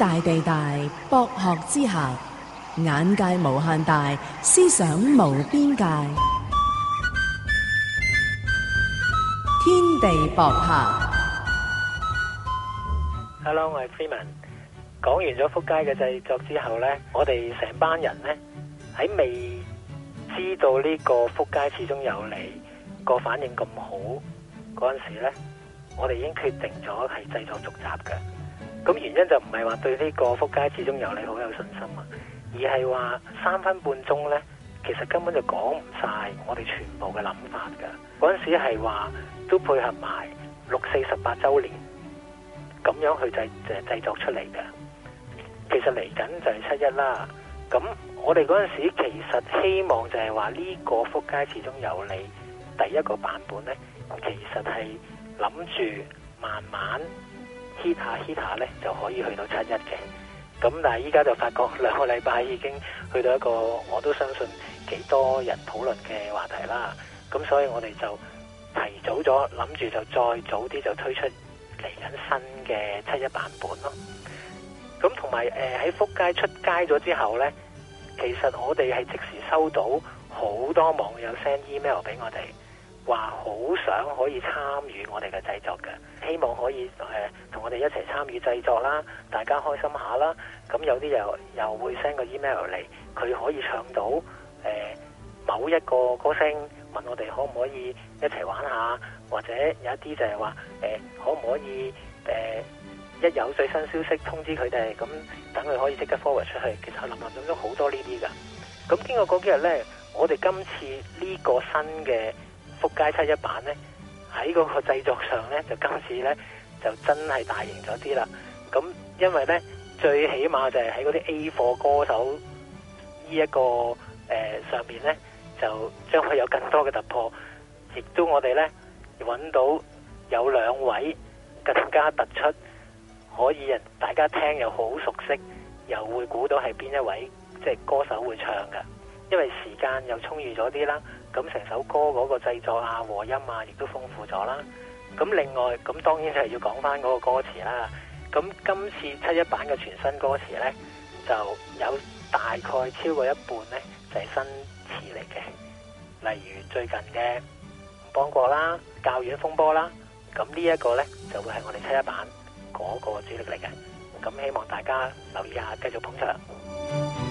大地大博學之下，眼界無限大，思想無邊界。天地博客，Hello，我係 Freeman。講完咗《福佳》嘅製作之後咧，我哋成班人咧喺未知道呢個《福佳》始終有你個反應咁好嗰陣時咧，我哋已經決定咗係製作續集嘅。咁原因就唔係話對呢個福佳始終有你好有信心啊，而係話三分半鐘呢，其實根本就講唔晒我哋全部嘅諗法噶。嗰陣時係話都配合埋六四十八周年咁樣去製誒製作出嚟嘅。其實嚟緊就係七一啦。咁我哋嗰陣時其實希望就係話呢個福佳始終有你第一個版本呢，其實係諗住慢慢。hit 下 hit 下咧就可以去到七一嘅，咁但係依家就發覺，兩個禮拜已經去到一個我都相信幾多人討論嘅話題啦，咁所以我哋就提早咗諗住就再早啲就推出嚟緊新嘅七一版本咯。咁同埋誒喺福佳出街咗之後咧，其實我哋係即時收到好多網友 send email 俾我哋話可以參與我哋嘅製作嘅，希望可以誒同、呃、我哋一齊參與製作啦，大家開心下啦。咁有啲又又會 send 個 email 嚟，佢可以唱到誒、呃、某一個歌星，問我哋可唔可以一齊玩下，或者有一啲就係話誒可唔可以誒、呃、一有最新消息通知佢哋，咁等佢可以即刻 forward 出去。其實林林總總好多呢啲噶。咁經過嗰幾日呢，我哋今次呢個新嘅。佳七一版呢，喺嗰個製作上呢，就今次呢，就真係大型咗啲啦。咁因為呢，最起碼就係喺嗰啲 A 貨歌手呢、這、一個誒、呃、上面呢，就將會有更多嘅突破。亦都我哋呢，揾到有兩位更加突出，可以人大家聽又好熟悉，又會估到係邊一位即係、就是、歌手會唱㗎。因為時間又充裕咗啲啦，咁成首歌嗰個製作啊、和音啊，亦都豐富咗啦。咁另外，咁當然就係要講翻嗰個歌詞啦。咁今次七一版嘅全新歌詞呢，就有大概超過一半呢，就係新詞嚟嘅。例如最近嘅《唔幫過》啦，《教院風波》啦，咁呢一個呢，就會係我哋七一版嗰個主力嚟嘅。咁希望大家留意下，繼續捧場。